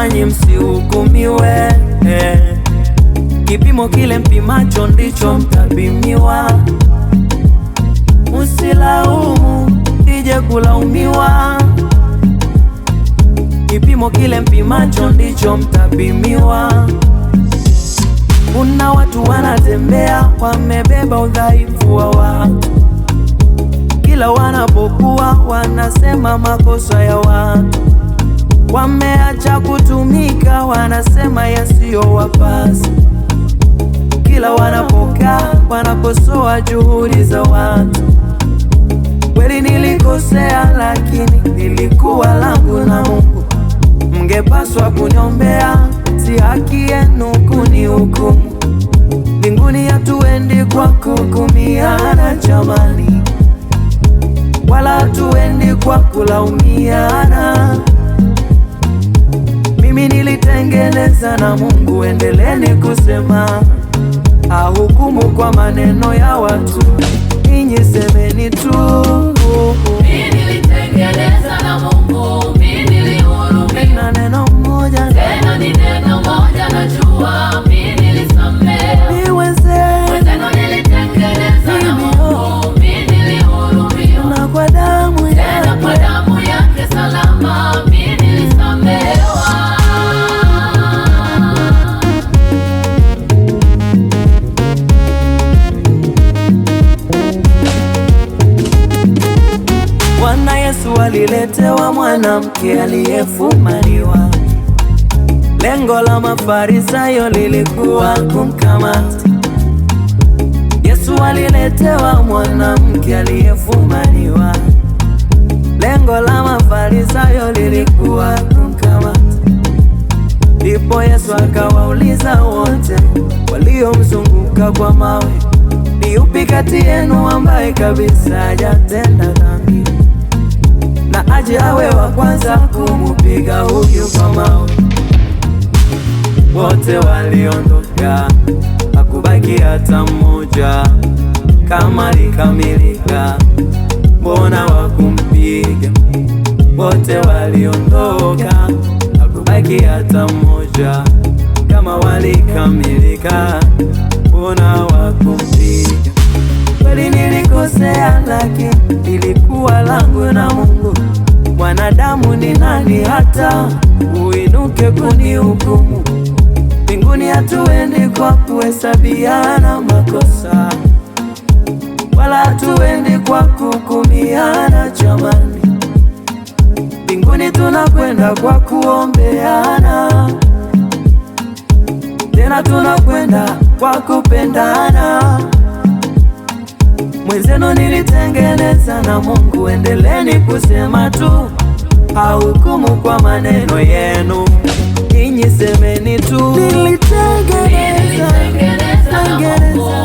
nanyi msihukumiwe Kipimo kile mpimacho ndicho mtapimiwa. Usilaumu nije kulaumiwa, kipimo kile mpimacho ndicho mtapimiwa. Kuna watu wanatembea wamebeba udhaifu wa watu, kila wanapokuwa wanasema makosa ya watu wameacha kutumika, wanasema wapasi Kila wanapokaa wanakosoa juhudi za watu. Kweli nilikosea, lakini nilikuwa langu na Mungu. Mngepaswa kuniombea, si haki yenu kunihukumu. Mbinguni hatuendi kwa kukumiana jamani, wala hatuendi kwa kulaumiana. Mimi nilitengeneza na Mungu, endeleni kusema. Ahukumu kwa maneno ya watu, ninyi semeni tu. Yesu aliletewa mwanamke aliyefumaniwa. Lengo la Mafarisayo lilikuwa kumkamata Yesu. Waliletewa mwanamke aliyefumaniwa. Lengo la Mafarisayo lilikuwa kumkamata. Ndipo Yesu akawauliza wote waliomzunguka kwa mawe, ni upi kati yenu ambaye kabisa hajatenda dhambi? na aje awe wa kwanza kumupiga huyu kwa mao Wote waliondoka, hakubaki hata mmoja. Kama likamilika, mbona wakumpiga? Wote waliondoka, hakubaki hata mmoja. Kama walikamilika, mbona wakumpiga? Kweli nilikosea, lakini ilikuwa langu na Mungu. Mwanadamu ni nani hata uinuke kunihukumu? Mbinguni hatuendi kwa kuhesabiana makosa, wala hatuendi kwa kukumiana jamani. Mbinguni tunakwenda kwa kuombeana, tena tunakwenda kwa kupendana. mwenzenu nilitengeneza na Mungu, endeleni kusema tu, hahukumu kwa maneno yenu. Ninyi semeni tu, nilitengeneza, nilitengeneza, nilitengeneza na Mungu.